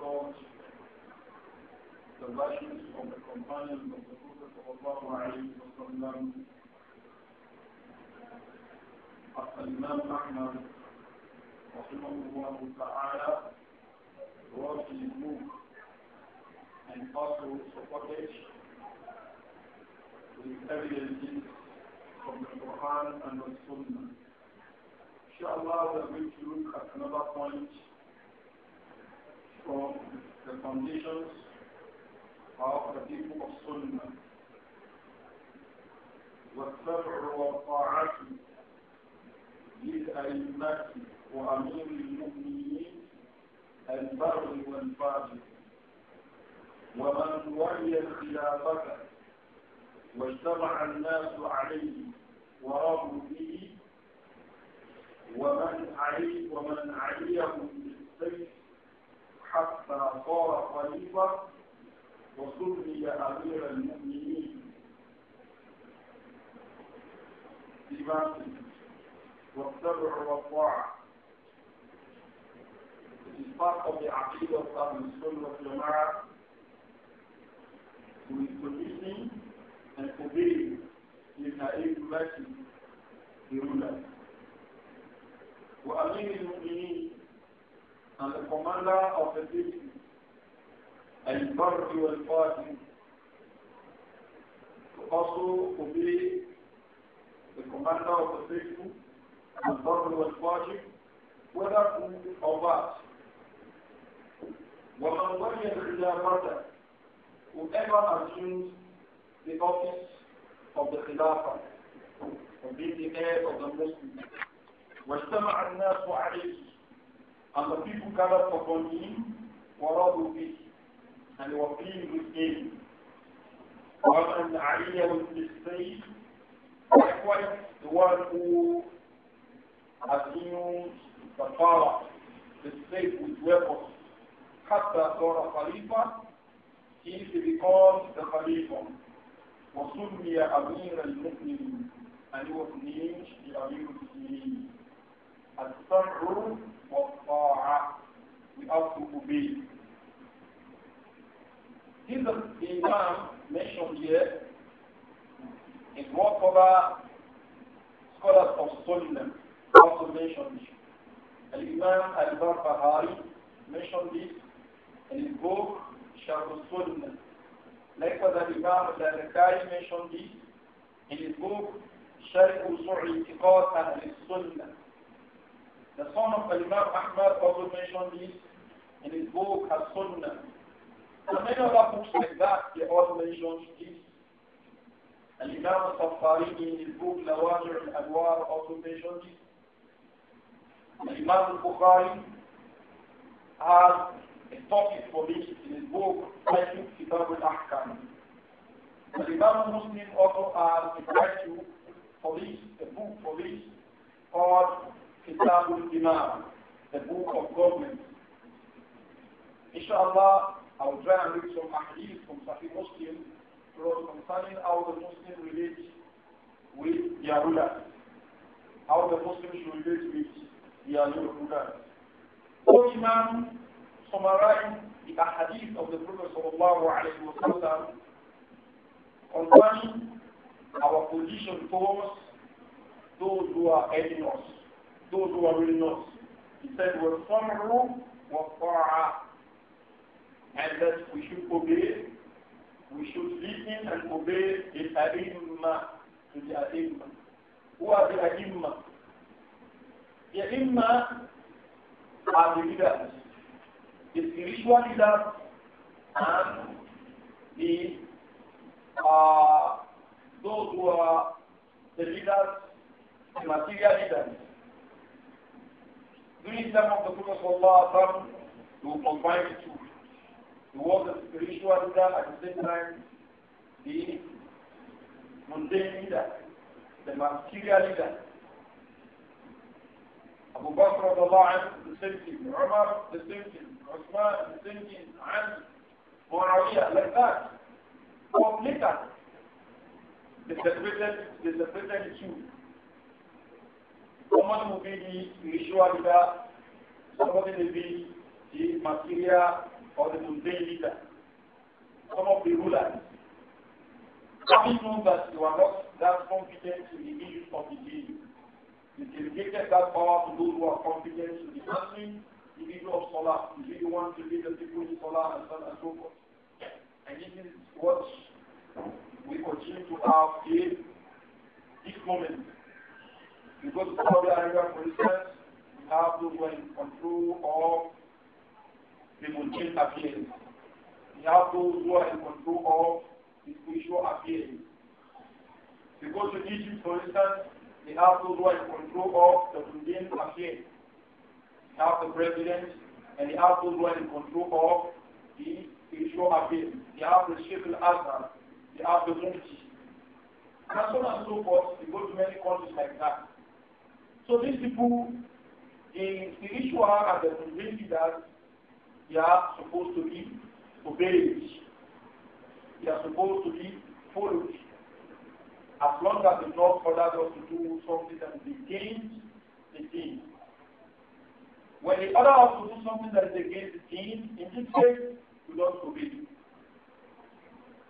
got the virtues of the companions of the Prophet وسلم, الإمام أحمد رحمه الله تعالى wrote his book and also supported with evidences from the Quran and the Sunnah. Inshallah, we're going to look at another point from the conditions of the people of Sunnah. والسمع والطاعة للأئمة وأمير المؤمنين البر والفاجر ومن ولي الخلافة واجتمع الناس عليه ورضوا به ومن علي ومن عليه بالسيف حتى صار خليفة وسمي أمير المؤمنين بماته والسبع والطاعة اتفاق بعقيدة أهل السنة والجماعة with conditioning and obeying his naive mercy, the ruler. وأمير المؤمنين and the commander of the people, Al-Barri wal-Fatih, also be the commander of the faithful, and barri wal-Fatih, whether good or bad. وَمَنْ وَلِيَ الْخِلَافَةَ Whoever assumes the office of the Khilafah, will be the head of the Muslims, وَاجْتَمَعَ النَّاسُ عَلَيْهِ and the people gathered upon him, of به, and they were pleased with him. وَمَنْ عَلِيَهُ بِالسَّيْفِ Likewise, the one who assumed the power, the slave with weapons, حتى صار خليفة, he is become the Khalifa. وسمي the المؤمنين, and he was named the Amir al some rule. والطاعة بأصل به This Imam mentioned here is what other scholars of Sunnah also mentioned. Al-Imam al-Barbahari mentioned this in his book Sharh al-Sunnah. Likewise, Al-Imam al-Zakai mentioned this in his book شرح صعي اعتقاد أهل السنة The son of Imam Ahmad also mentioned this in his book As-Sunnah. are many other books like that, they also mentioned this. And Imam Safari in his book Nawajir al-Anwar also mentioned this. And Imam Bukhari has a topic for this in his book titled Kitab al-Ahkam. And Imam Muslim also has a title for this, a book for this, called Kitabul Imam, the book of government. Inshallah, I will try and read some hadith from Sahih Muslim concerning how the Muslim relates with their rulers, how the Muslims should relate with their rulers. O Imam summarized the hadith of the Prophet sallallahu concerning our position towards those who are aiding us those who are really not. He said, far وَالطَّاعَةُ And that we should obey, we should listen and obey the Aimma, the Aimma. Who are the Aimma? The Aimma are the leaders, the spiritual leaders and the uh, those who are the leaders, the material leaders. During the of the Prophet Sallallahu combine the two. He was the spiritual leader at the same time the mundane leader, the material leader. Abu Bakr the same thing, Umar the same thing, the same thing, and Muawiyah like that. But later, they separated, they separated the two. Someone will somebody will be the material or the mundane leader, some of the rulers. Having known that you are not that competent in the issues of delegated that power to those who are competent to the handling the issue of solar. You want to be the people in solar and so on and so forth. And this is what we continue to have in this moment. You go to Saudi Arabia, for instance, you have those who are in control of the mundane appearance. You have those who are in control of the spiritual appearance. You go to Egypt, for instance, you have those who are in control of the mundane appearance. You have the president, and you have those who are in control of the spiritual appearance. You have the Sheikh al-Azhar, you have the Mufti. And so on and so forth, you go to many countries like that. So these people, the, the issue are that the that they are supposed to be obeyed. They are supposed to be followed. As long as the law allows us to do something that is against the team. When the other us to do something that is against the team, in this case, we don't obey.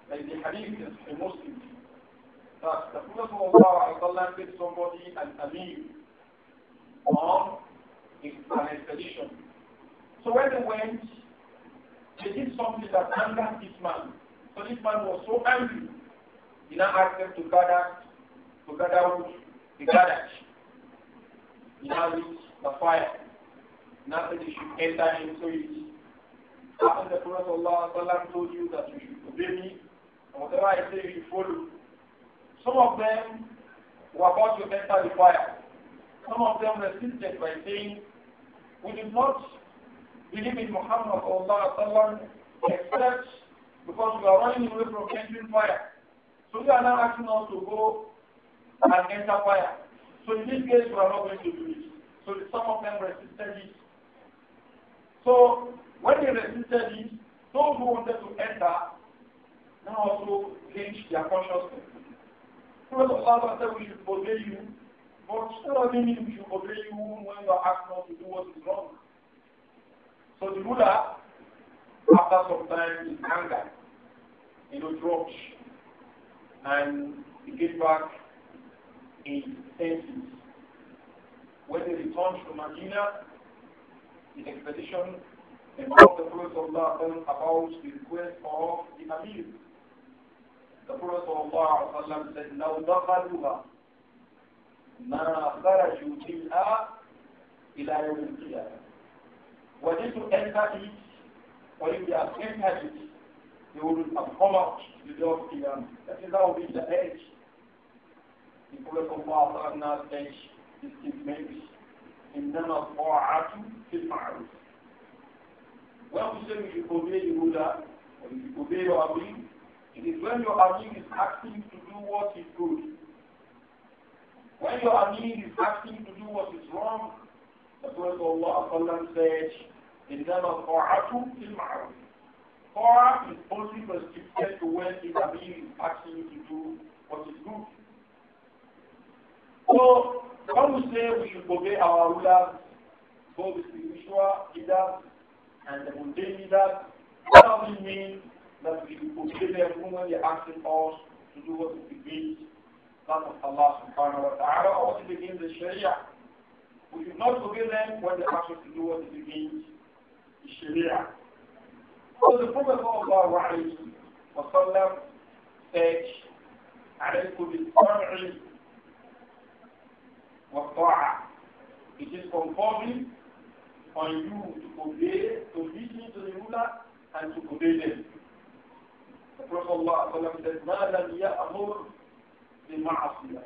Like the hadith is a Muslim. That the Prophet said somebody and Amir or it's an expedition. So when they went, they did something that angered this man. So this man was so angry. He now asked them to gather, to gather wood. the gathered. He now lit the fire. Now said they should enter into it. After the Prophet Allah told you that you should obey me, and whatever I say you should follow. Some of them were about to enter the fire. Some of them resisted by saying, we did not believe in Muhammad sallam, except because we are running away from entering fire. So we are now asking us to go and enter fire. So in this case, we are not going to do it. So some of them resisted it. So when they resisted it, those who wanted to enter now also changed their consciousness. Prophet Allah said, we should obey you but that doesn't mean we should obey you when you are asked not to do what is wrong. So the ruler, after some time, in anger, you know, dropped and he came back in senses. When they returned to Medina, the expedition informed the Prophet of Allah about the request of the Amir. The Prophet of Allah said, "Now دخلوها ما خرجوا منها إلى يوم القيامة وجدت أنها وإن أنها they will have come out the day of That is how we the edge. The Prophet of Allah now edge this statement. إنما الطاعة في المعروف. When we say we should obey the ruler, or you obey your Amir, it is when your Amir is acting to do what is good. When your ameen is asking to do what is wrong, the Prophet Allah says, إِنَّمَا طَاعَةُ بِالْمَعْرُوفِ Torah is only restricted to when his ameen is asking you to do what is good. So, when we say we should obey our rulers, both the spiritual leaders and the mundane leaders, what does it mean that we should obey them when they are asking us to do what is good. That of Allah subhanahu wa ta'ala begins the Sharia. We should not forgive them when they ask us to do what is against the Sharia. So the Prophet of Allah wa sallam said, عليكم بالسمع والطاعة. It is conforming on you to obey, to listen to the ruler and to obey them. The Prophet of Allah said, ما لم يأمر the ma'asiyah.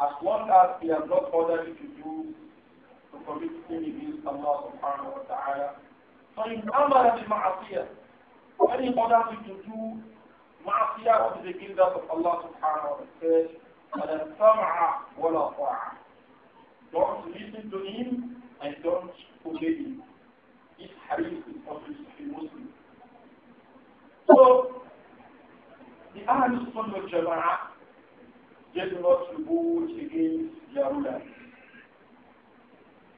As long as he has not ordered you to do to commit sin against Allah subhanahu wa ta'ala. So in amara bil ma'asiyah, when he orders you to do ma'asiyah of the guild of Allah subhanahu wa ta'ala, ولا wa la وَلَا طَاعَ Don't listen to him and don't obey him. This hadith is obviously Muslim. So, the Ahlul Sunnah Jama'ah did not revolt against their rulers.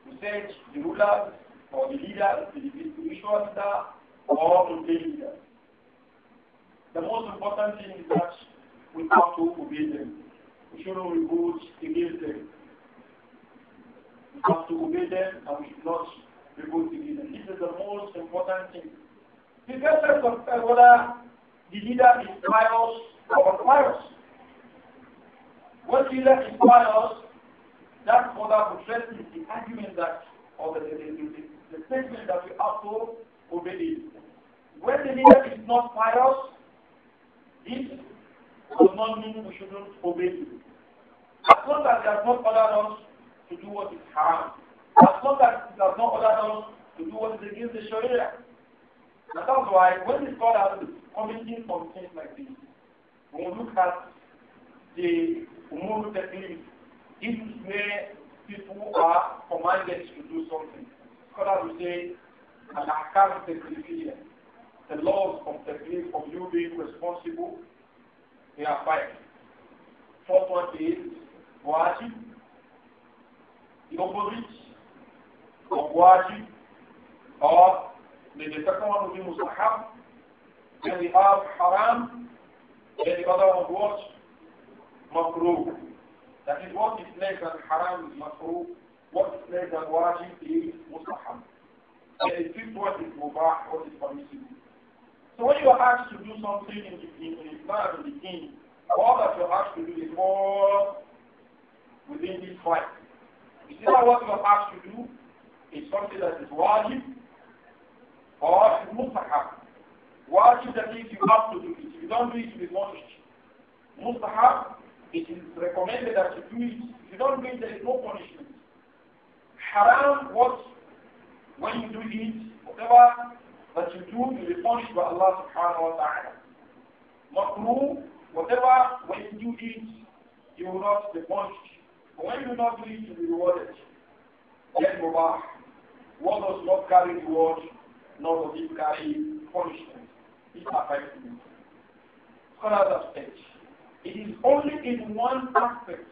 We said the rulers or the leaders, the be leader or the leader. The most important thing is that we have to obey them. We should not revolt against them. We have to obey them and we should not revolt against them. This is the most important thing. Regardless of whether the leader is pious or unpious, what Hillel inspires that mother portrays is the argument that, or the, the, the, the statement that we have to obey it. When the leader is not pious, this does not mean we shouldn't obey it. As long as he has not ordered us to do what is harm, as long as he has not ordered us to do what is against the Sharia. And that's why when the scholars committing on things like this, we look at the umum technique if where people are commanded to do something. Scholars will say, an akam technique, the laws of technique of you being responsible, they are five. Fourth one is wajib, the opposite of wajib, or the second one will be mustahab, then we have haram, then the other one was makruh. That is what is less than haram is makruh, what is less than wajib is mustahab. There what is mubah, what is permissible. So when you are asked to do something in, in, the Islam, in the king, all that you're asked to do is more within this fight. Is that what you're asked to do is something that is wajib or is mustahab? Wajib that means you have to do it. If you don't do it, you will not Mustahab it is recommended that you do it. If you don't do it, there is no punishment. Haram, what? When you do it, whatever that you do, you will punished by Allah subhanahu wa ta'ala. Makruh, whatever, when you do it, you will not be punished. But when you do not do it, you will be rewarded. Yet, mubah. what does not carry reward, nor does it carry punishment. These a five Another stage. It is only in one aspect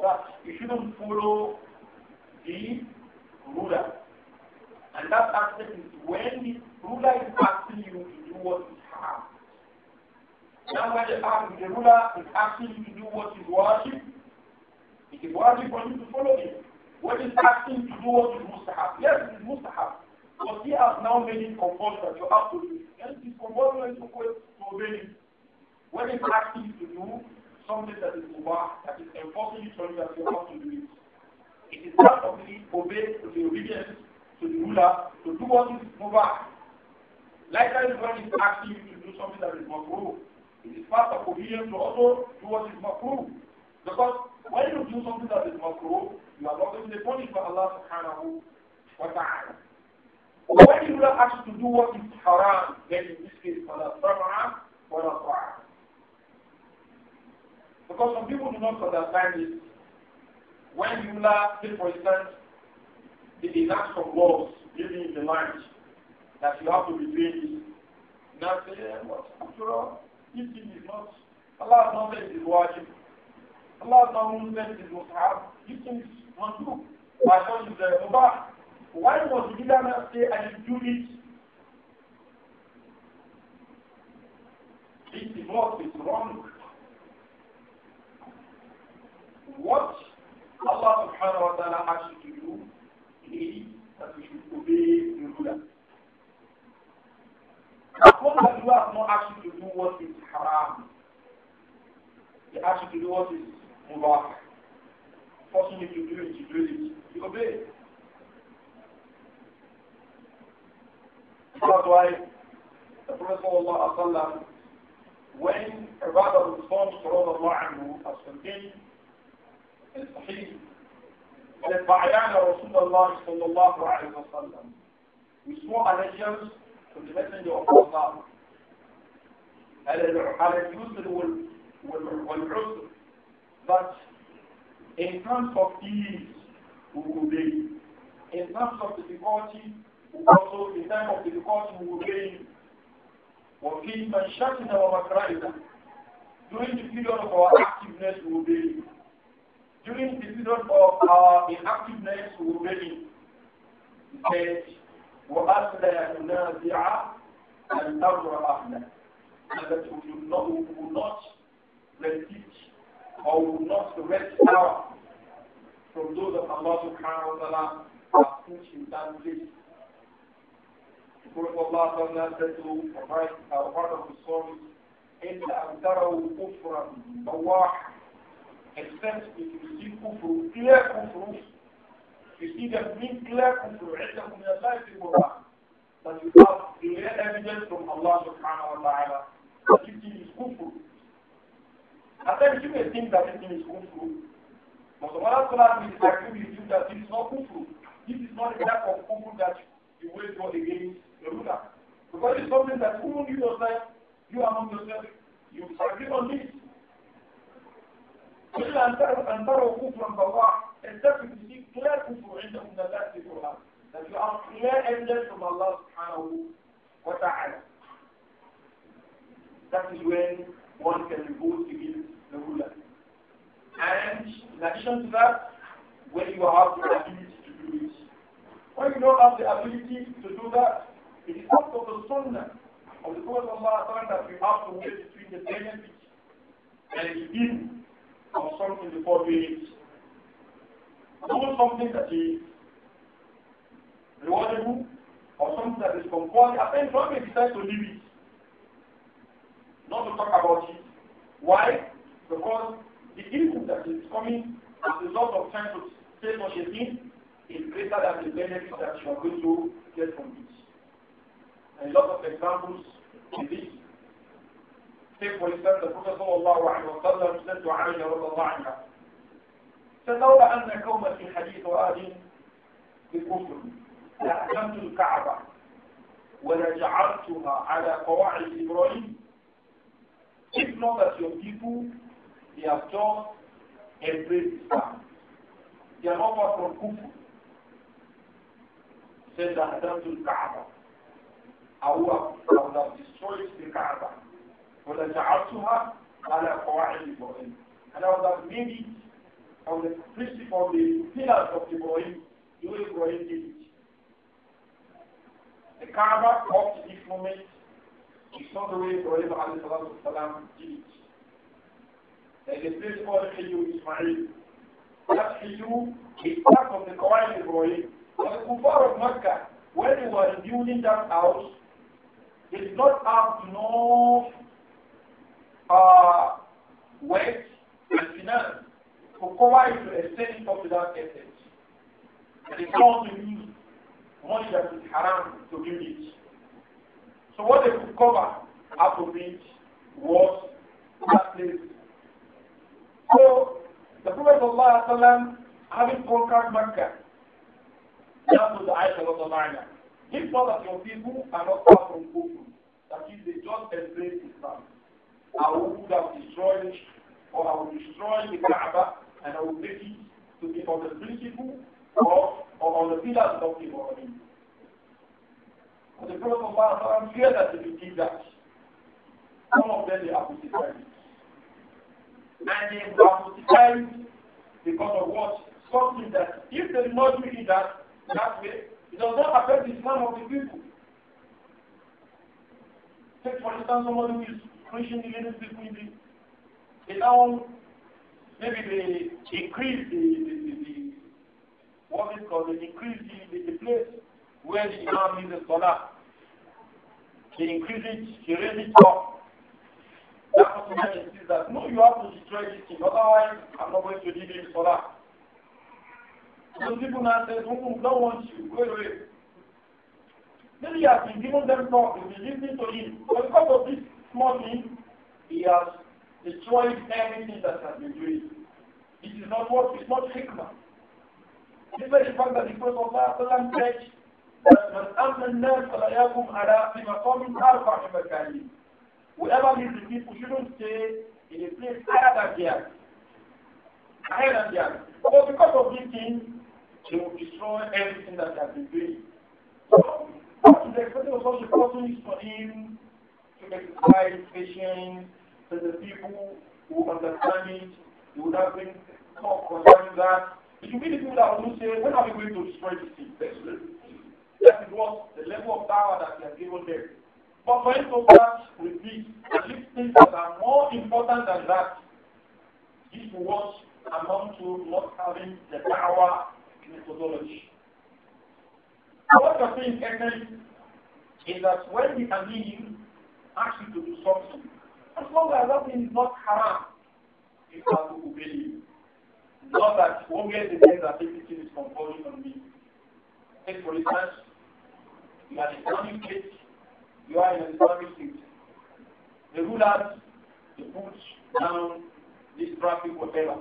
that you shouldn't follow the ruler. And that aspect is when the ruler is asking you to do what is haram. Now when the, arm, the ruler is asking you to do what is worship, it is worship for you to follow it. When he's asking you to do what is mustahab, yes, it is mustahab. But he has now made it compulsory that you have to do it. And it is compulsory to obey it. When it's asking you to do something that is mubah, that is enforcing you to that you have to do it. It is part of the obey to the obedience to the ruler to do what is mubah. Likewise, when it's asking you to do something that is makruh, it is part of obedience to also do what is makruh. Because when you do something that is makruh, you are not going to be punished by Allah subhanahu wa ta'ala. But when you are asked to do what is haram, then in this case, فَلَا سَمْعَ وَلَا Because some people do not understand it. When Yula did, for instance, the elapse of laws living in the land that you have to be doing this, now say, eh, what's but this thing is not, Allah has not said it is wajib. Allah has not said it is mustahab. This thing is not true. My son is there. Uh, mubah. Why was the leader not say, I didn't do it? This is divorce is wrong. What Allah subhanahu wa ta'ala asks you to do is that you should obey the ruler. Now, long as you have not asked you to do what is haram, he ask you to do what is mubah. Forcing you to do it, you do it. You obey. That's why the Prophet ﷺ, when Ibadah was formed, as contained الصحيح بعدان رسول الله صلى الله عليه وسلم We swore allegiance to the messenger of Allah على اليسر والعسر but in terms of ease we will obey in terms of difficulty also in time of difficulty we will obey وفي منشاتنا ومكرائنا during the period of our activeness we will obey during the period of our inactiveness we were ready. He said, وَأَسْلَى يُنَازِعَ الْأَمْرَ أَهْلَهُ And that we will not, we will not resist or we will not rest out from those of Allah subhanahu wa ta'ala who have put in that place. The Prophet of Allah said to provide a part of the service, إِلَّا أَنْ تَرَوْا كُفْرًا بَوَاحًا except if you see kufru, clear kufru, you see them being clear kufru, عندهم من الله في القرآن. But you have clear evidence from Allah subhanahu wa ta'ala that is kufru. At times you may think that it is kufru, but the some other scholars is, disagree with you that this is not kufru. This is not the type of kufru that you wage war against the ruler. Because it's something that even you yourself, you among yourself, you disagree on this. إلا أن تروا كفرا بواح التفت فيك لا كفر عندكم من الله في القرآن لكن الأرض لا أنزل from Allah سبحانه وتعالى That is when one can revolt against the ruler. And in addition to that, when you have the ability to do it. When you don't have the ability to do that, it is part of the sunnah of the Prophet that we have to wait between the benefit and the evil or something before doing it. Do something that is rewardable or something that is compulsory. At any one may decide to leave it, not to talk about it. Why? Because the income that is coming as a result of trying to say such a thing is greater than the benefit that you are going to get from it. And a lot of examples in this تقوى لسان الرسول صلى الله عليه وسلم سنت عائشة رضي الله عنها سترى أن كون في حديث آل بكفر لأحكمت الكعبة ولجعلتها على قواعد إبراهيم If not that your people, they have just embraced Islam. They are not far from Kufu. Said that Adam to the Kaaba. I would have destroyed the Kaaba. على قواعد and I was have made it I on the pillars of the the You will did it the Kaaba up at this moment It's not the way Ibrahim والسلام, did it there is the place called Hiyu Ismail that Hiyu is part of the Kaaba Ibrahim but the Kufar of when they were building that house they did not have enough uh, wealth, and finance to provide a to extend it up to that extent. It is not to use money that is haram to give it. So what they could cover out of it was that place. So the Prophet ﷺ, having conquered Mecca, that was the Aisha of the Liner. He saw that your people are not far from Kufr, that is, they just embrace Islam. I would have destroyed or I would destroy the Kaaba and I would make it to be on the principle or, or on the pillars of the Muhammad. And the Prophet of Allah feared that if he did that, some of them they apostatized. And they apostatized because of what? Something that if they did not do it that, that way, it does not affect the Islam of the people. Take for instance somebody who is Increasing the little people the, they now, maybe they increase the, the, the, the what is called, they increase the, the, the place where the imam is the scholar. They increase it, they raise it up. That person then sees that, no, you have to destroy this thing, otherwise I'm not going to leave the scholar. Those people now say, oh, don't want you, go away. Maybe you have been giving them talk, you've been listening to him. But because of this, smoking, he has destroyed everything that has been doing. This is not what is not hikmah. Despite the fact that the Prophet said that من أمن الناس فلا يقوم على في مقام أربع مكانين. Whoever leads the people shouldn't stay in a place higher than theirs. Higher than theirs. But because of these things, they will destroy everything that has been doing. So, what is effect of such a person is for him exercise patience so the people who understand it, they would have been talk concerning that. It will the people that will say, when are we going to destroy the city? That is what the level of power that they have given them. But for him to pass with this, at least things that are more important than that, this was amount to not having the power methodology. So what you're saying, Henry, is that when the Amir ask you to do something. As long as that thing is not haram, you have to obey you. Not that you won't get the thing that everything is compulsory on me. Take for instance, you are an Islamic state, you are an Islamic state. The rulers, they put down this traffic, whatever.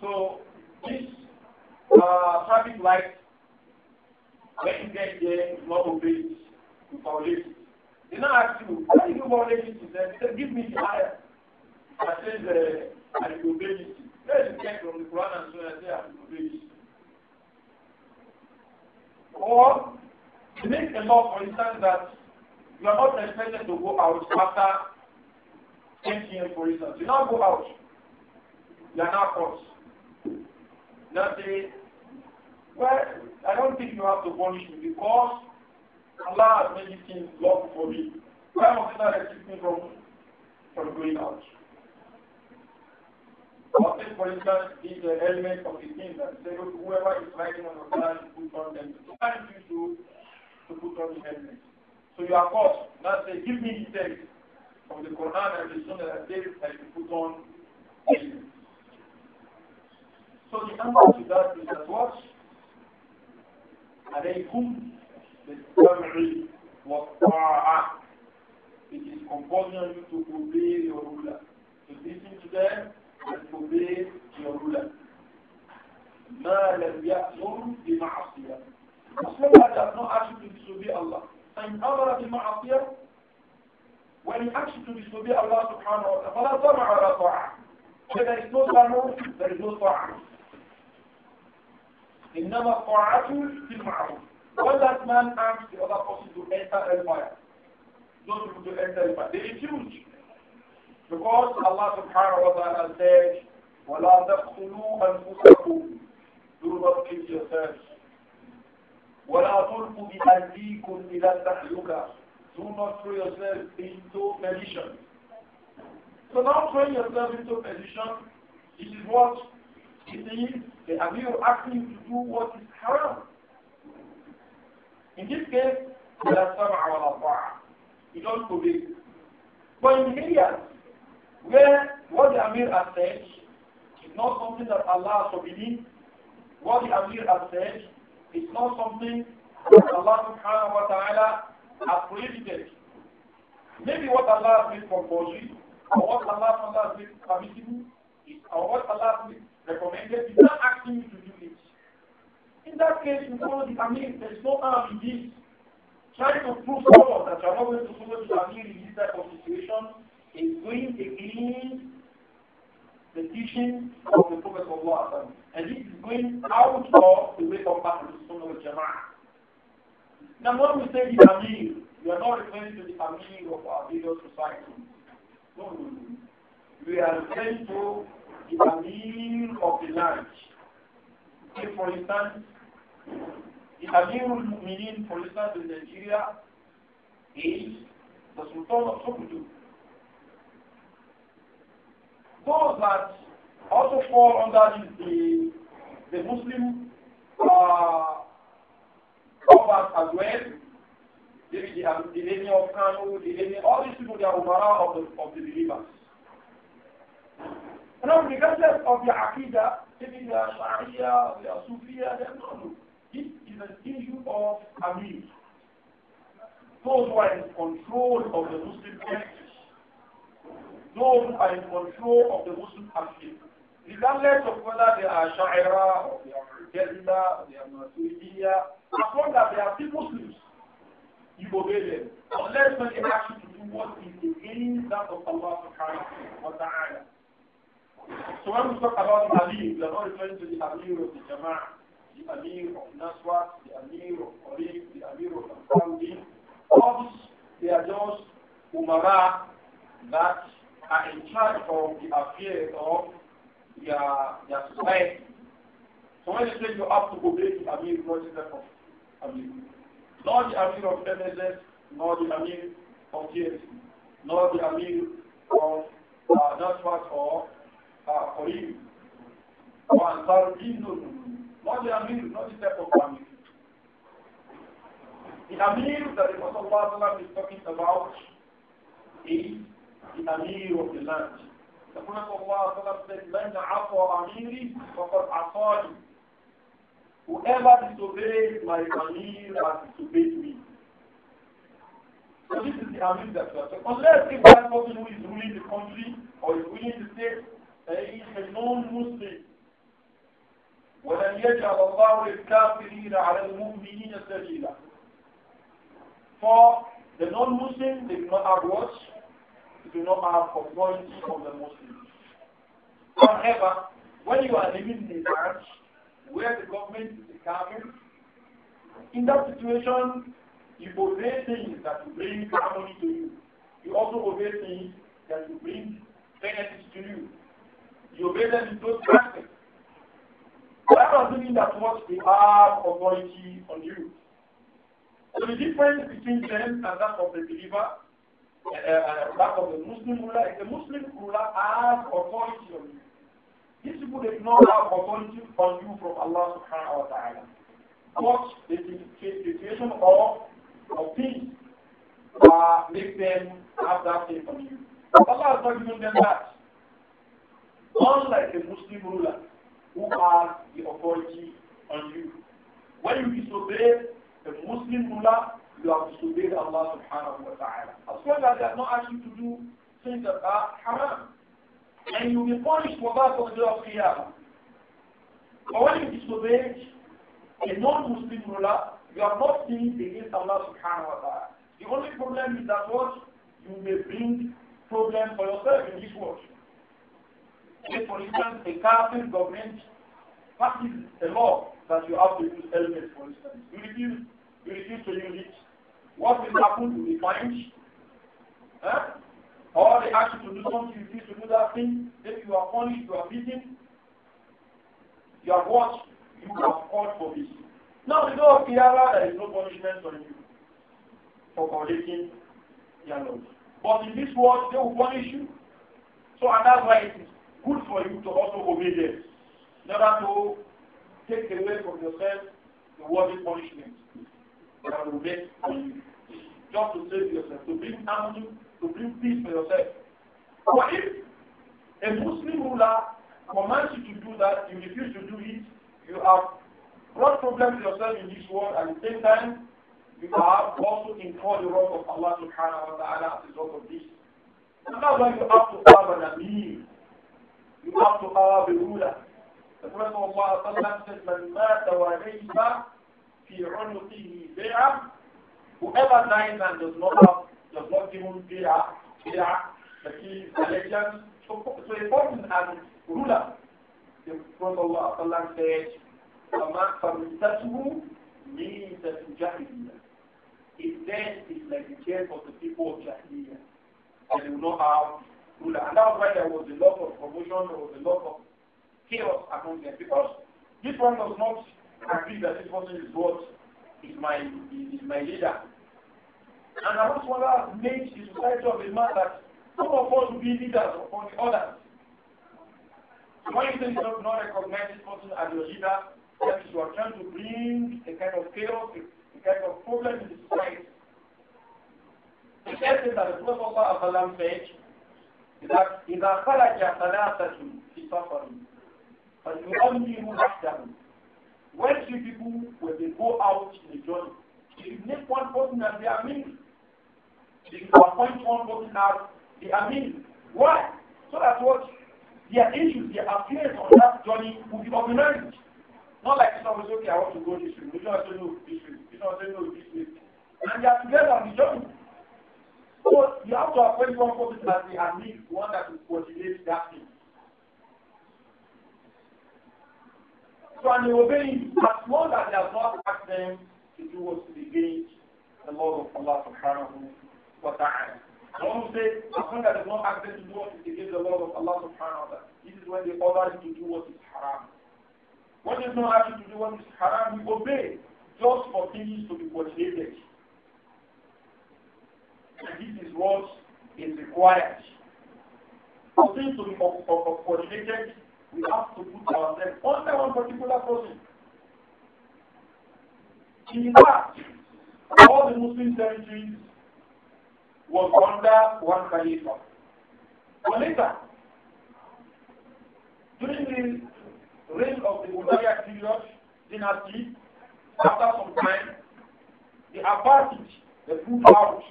So, this uh, traffic light, when you get there, you not obey it, you violate it. They now ask you, why do you mortgage it to them? They give me the ayah. I said, uh, I will obey it. Where is the text from the Quran and so I say, I will obey it. Or, they make a law, for instance, that you are not expected to go out after 10 p.m., for instance. You now go out. You are now caught. Now say, well, I don't think you have to punish me because Allah has made these things lawful for me. Why must Allah restrict me from, from going out? Or take, for instance, is an element of the thing that say, look, whoever is riding on the car, put on them. So I need you to to put on the helmet. So you are caught. Now say, give me the text from the Quran and the Sunnah that says that you put on helmet. So the answer to that is that what? عليكم السمع والطاعة. It is compulsory to obey your ruler, to listen to them and to obey your ruler. ما لم يأمر بمعصية. As long as I have to disobey Allah, فإن أمر بمعصية وإن you ask you to disobey Allah subhanahu wa فلا طمع ولا طاعة. So there is no طمع, there is no طاعة. إنما الطاعة في المعروف. When that man asked the other person to enter Fire. those people to enter Fire. they refused. Because Allah subhanahu wa ta'ala said, وَلَا تَقْتُلُوا أَنفُسَكُمْ Do not kill yourselves. وَلَا تُلْقُوا بِأَيْدِيكُمْ إِلَى التَّهْلُكَةِ Do not throw yourself into perdition. So now throwing yourself into perdition, is what? It is the you asking you to do what is haram. In this case, there are some our You don't believe. But in areas where what the Amir has said is not something that Allah has forbidden, what the Amir has said is not something that Allah subhanahu wa ta'ala has prohibited. Maybe what Allah has made compulsory, or what Allah, has made permissible, or what Allah has recommended is not acting to that case, we follow the Amir. There's no harm in this. Try to prove to us that you are not going to follow the Amir in this type of situation is going against the teaching of the Prophet of Allah. And this is going out of the way of the Sunnah of Jama'ah. Now, when we say the Amir, we are not referring to the Amir of our video society. No, no, no. We are referring to the Amir of the land. Say, for instance, the Amirul Mu'minin, for instance, in Nigeria is the Sultan of Sokoto. Those that also fall under the, the Muslim uh, covers as well, maybe the, the Lady of Kano, the Lady, all these people, they are Umara of the, of the believers. Now, regardless of the Aqidah, maybe they are Sharia, they are Sufiya, they are not. This is an issue of Amir. Those who are in control of the Muslim entities. Those who are in control of the Muslim Amir. Regardless of whether they are Sha'ira, or they are Mu'tazila, or they are Maturidiyya, as long as they are still Muslims, you obey them. Unless when they ask you to do what is against that of Allah subhanahu wa ta'ala. So when we talk about Ali, we are not referring to the Ali of the Jama'ah. the Amir of Nasrat, the Amir of Qarib, the Amir of Saudi. All these, they are just that are in charge of the affairs of their, their society. So when they say you have to obey the Amir, not the that of Amir? Not the Amir of MSS, not the Amir of TSC, not the Amir of uh, Nasrat or uh, Qarib. وعن قرب Not the Amir, not the type of Amir. The Amir that the Prophet is talking about is the Amir of the land. The Prophet said, "Man afa amiri, faqad asani." Whoever disobeys my Amir has disobeyed me. So this is the Amir that we are talking. Unless if that person who is ruling the country or is ruling the state uh, is a non-Muslim, ولن يجعل الله للكافرين على المؤمنين سبيلا For the non-Muslims, they do not have what? They do not have authority from the Muslims. However, when you are living in a land where the government is the kafir, in that situation, you obey things that will bring harmony to you. You also obey things that will bring benefits to you. You obey them in those aspects. That doesn't mean that what they have authority on you. So the difference between them and that of the believer, uh, that of the Muslim ruler, is the Muslim ruler has authority on you. These people they do not have authority on you from Allah subhanahu wa ta'ala. But the situation of, of things uh, make them have that faith on you. Allah has not given them that. Unlike the Muslim ruler, who has the authority on you. When you disobey a Muslim ruler, you have disobeyed Allah subhanahu wa ta'ala. As long as they have not asked you to do things that are haram. And you will be punished for that on the day of Qiyamah. But when you disobey a non-Muslim ruler, you are not sinned against Allah subhanahu wa ta'ala. The only problem is that what? You may bring problems for yourself in this world. Take for instance a Catholic government passes a law that you have to use helmet for instance. You refuse, you refuse to use it. What will happen? You will fined. Huh? Eh? Or they ask you to do something, you refuse to do that thing. If you are punished, you are beaten. You are what? You have called for this. Now we know of Kiyara, there is no punishment on you for violating their laws. But in this world, they will punish you. So and that's why it is good for you to also obey them, never to take away from yourself the worthy punishment that will make for you. Just to save yourself, to bring harmony, to bring peace for yourself. But if a Muslim ruler commands you to do that, you refuse to do it, you have brought problems to yourself in this world, and at the same time, you have also incurred the wrath of Allah subhanahu wa ta'ala as a result of this. And that's why you have to have an ameen يطلقها بالأولى فسمعت الله صلى الله عليه وسلم من مات وليس في عنقه بيعة whoever dies and does not have does not give him biyah biyah that he is allegiance so, so important and ruler the Prophet Allah Sallam said فَمِنْتَتُهُ مِنْتَتُ جَهِلِيَّةً His death is like the death of the people of Jahiliyyah and they will not have ruler. And that's why there was a lot of commotion, there was a lot of chaos among them. Because this one does not agree that this person is what is my is my leader. And Allah Swalla has made the society of a man that some of us will be leaders upon the others. So when you say you don't not recognize this person as your leader, that you are trying to bring a kind of chaos, a kind of problem in the society. The essence that the Prophet said إذا خرج ثلاثة في سفر فليؤمن وحده when three people when they go out in a journey they make one person as their mean they appoint one person as the mean why so that what their issues their affairs on that journey will be organized not like this one was okay I want to go this way You don't have to no this way You don't have to no this way and they are together on the journey So you have to appoint one person that they are needs, one that will coordinate that thing. So and they obey him as long as have not asked them to do what to engage the law of Allah subhanahu wa ta'ala. The one who says, as long as they not ask them to do what is against the law of Allah subhanahu wa ta'ala, this is when they order you to do what is haram. When they don't ask you to do what is haram, you obey just for things to be coordinated. And this is what is required. For things to be coordinated, we have to put ourselves under one particular person. In fact, all the Muslim territories was under one Khalifa. But later, during the reign of the Umayyad period, dynasty, after some time, the Abbasids, the group out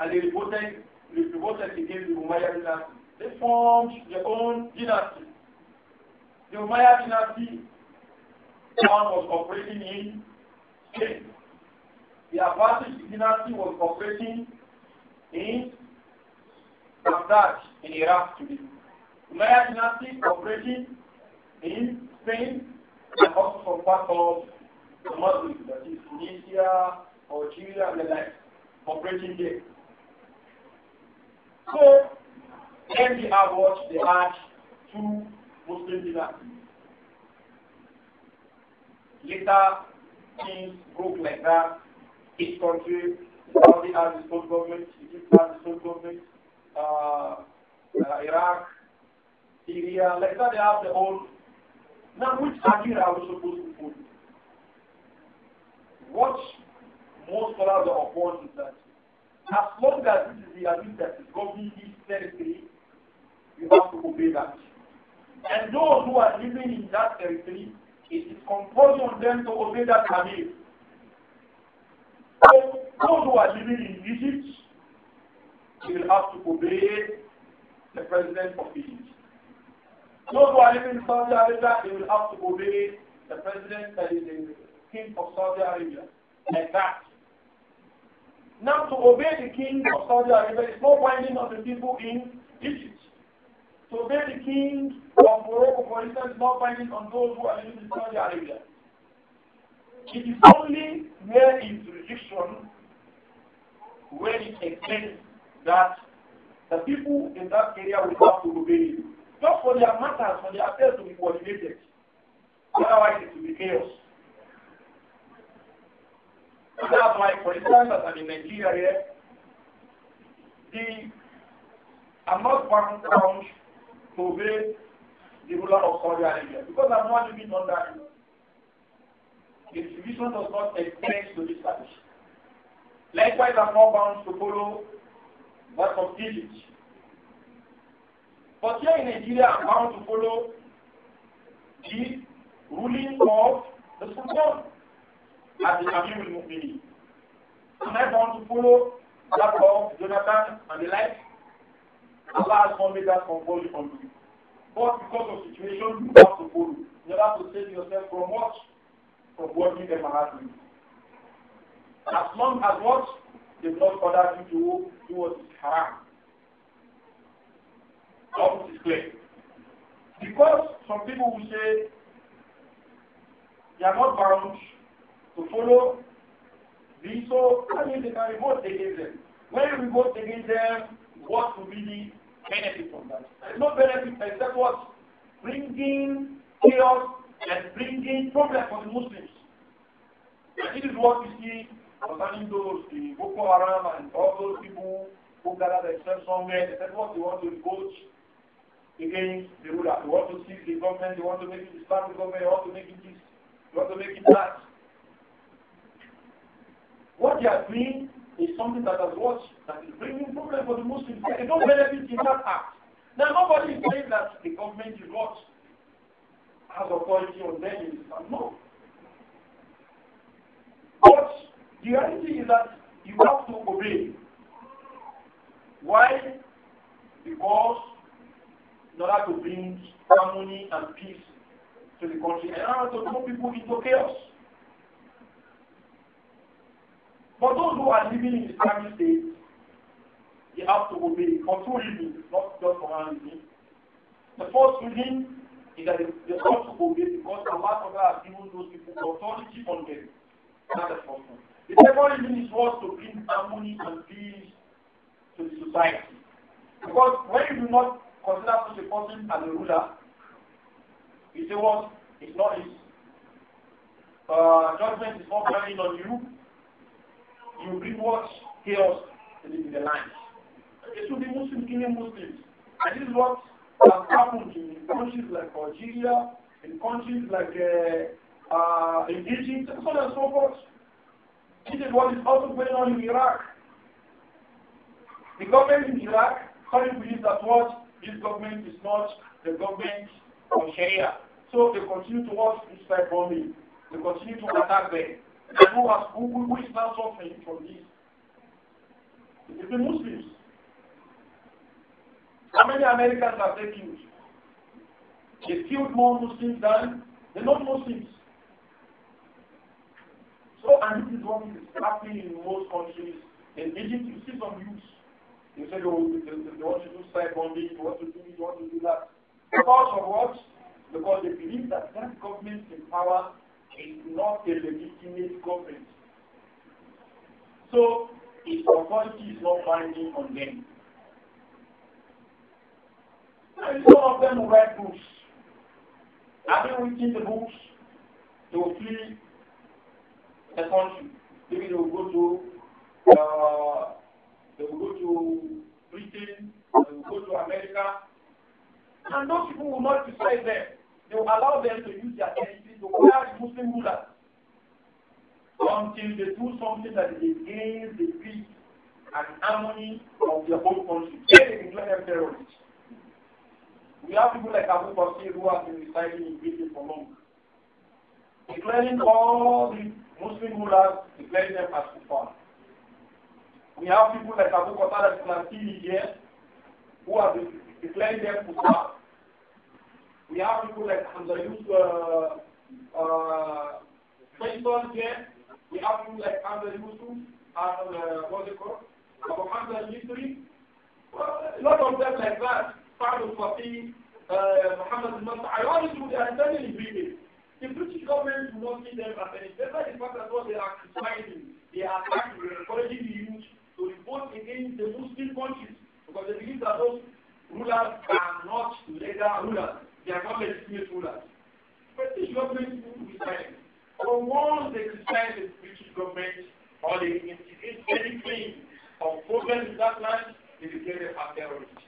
and they revolted, they revolted against the Umayyad dynasty. They formed their own dynasty. The Umayyad dynasty, one was operating in Spain. The Abbasid dynasty was operating in Baghdad, in Iraq today. The Umayyad dynasty operating in Spain and also from part of the Muslims, that is Tunisia, Algeria, and the like, operating there. So, then we have what? They had two Muslim dynasties. Later, things broke like that. Each country, Saudi has its own government, Egypt has its own government, uh, uh, Iraq, Syria, like that they have their own. Now, which Akira are we supposed to put? What most scholars are upon is that as long as this is the abuse that is governing this territory, you have to obey that. And those who are living in that territory, it is compulsory on them to obey that command. So those who are living in Egypt, they will have to obey the president of Egypt. Those who are living in Saudi Arabia, they will have to obey the president that is the king of Saudi Arabia. Like that. Now to obey the king of Saudi Arabia is more binding on the people in Egypt. To obey the king of Morocco, for instance, is not binding on those who are living in Saudi Arabia. It is only where in jurisdiction, where it exists, that the people in that area will have to obey you. Not for their matters, for their affairs to be coordinated. Otherwise, it will be chaos. have like, for instance, as in Nigeria here, the, I'm not bound to obey the ruler of Saudi Arabia because I'm not living under him. The distribution does not extend to this service. Likewise, I'm not to follow that of Egypt. But here in Nigeria, I'm bound to follow the ruling of the Sultan. as the Amir Mukmini. And I want to follow that of Jonathan and the like. Allah has not made that compulsory on you. But because of situation, you have to follow. You have to save yourself from what? From working them hardly. As long as what? They've not ordered you to do what is haram. All this is clear. Because some people will say they are not bound to follow these. So I mean, they can revolt against them. When you revolt against them, what will be the benefit from that? There is no benefit except what? Bringing chaos and bringing problems for the Muslims. And this is what we see concerning those, the Boko Haram and all those people who gather themselves somewhere. They said what they want to revolt against the ruler. They want to seize the government. They want to make it the Islamic government. They want to make it this. They want to make it that they are doing is something that has what? That is bringing problem for the Muslims. They don't benefit in that act. Now, nobody is saying that the government is what? Has authority on them in Islam. No. But the reality is that you have to obey. Why? Because in order to bring harmony and peace to the country. And I to throw people into chaos. For those who are living in Islamic state, they have to obey for two reasons, not just for one reason. The first reason is that they have to obey because Allah has given those people authority on them. That's the first one. The second reason is us to bring harmony and peace to the society. Because when you do not consider such a person as a ruler, you say what? It's not his uh, judgment is not coming on you you bring what? Chaos in the land. It will be Muslim killing Muslims. And this is what has happened in countries like Algeria, in countries like uh, uh, in Egypt, and so on and so forth. This is what is also going on in Iraq. The government in Iraq currently believes that what this government is not the government of Sharia. So they continue to watch this bombing. They continue to attack them. And who has who, who is now suffering from this? It's the Muslims. How many Americans have they killed? They killed more Muslims than the non-Muslims. So, and this is what is happening in most countries. In Egypt, you see some youths. You say, oh, they, they, they want to do side bonding, they want to do this, they want to do that. Because of what? Because they believe that that government in power is not a legitimate government. So its authority is not binding on them. And some of them will write books. Having written the books, they will flee the country. Maybe they will go to uh, they will go to Britain, they will go to America. And those people will not decide them. They will allow them to use their energy. to quarry Muslim rulers until they do something that is against the peace and harmony of their whole country. Then they declare them terrorists. We have people like Abu Basir who have been residing in prison for long. Declaring all the Muslim rulers, declaring them as kuffar. We have people like Abu Qatada Islamtini here who have been declaring them kuffar. We have people like Hamza Yusuf. Uh, uh, Clinton we have people like Hamza Yusuf and uh, what's it called? Abu Hamza Yusri. Well, a lot of them like that. Fahd al-Fatih, uh, Muhammad al-Nasr. I always do, they are standing in Britain. The British government do not see them as any better. The fact that what they are criticizing, they are attacking, encouraging the youth to revolt against the Muslim countries because they believe that those rulers are not legal rulers. They are not legitimate rulers. British government will decide. But once they criticize the British government or they instigate anything of problems in that land, they declare them as terrorists.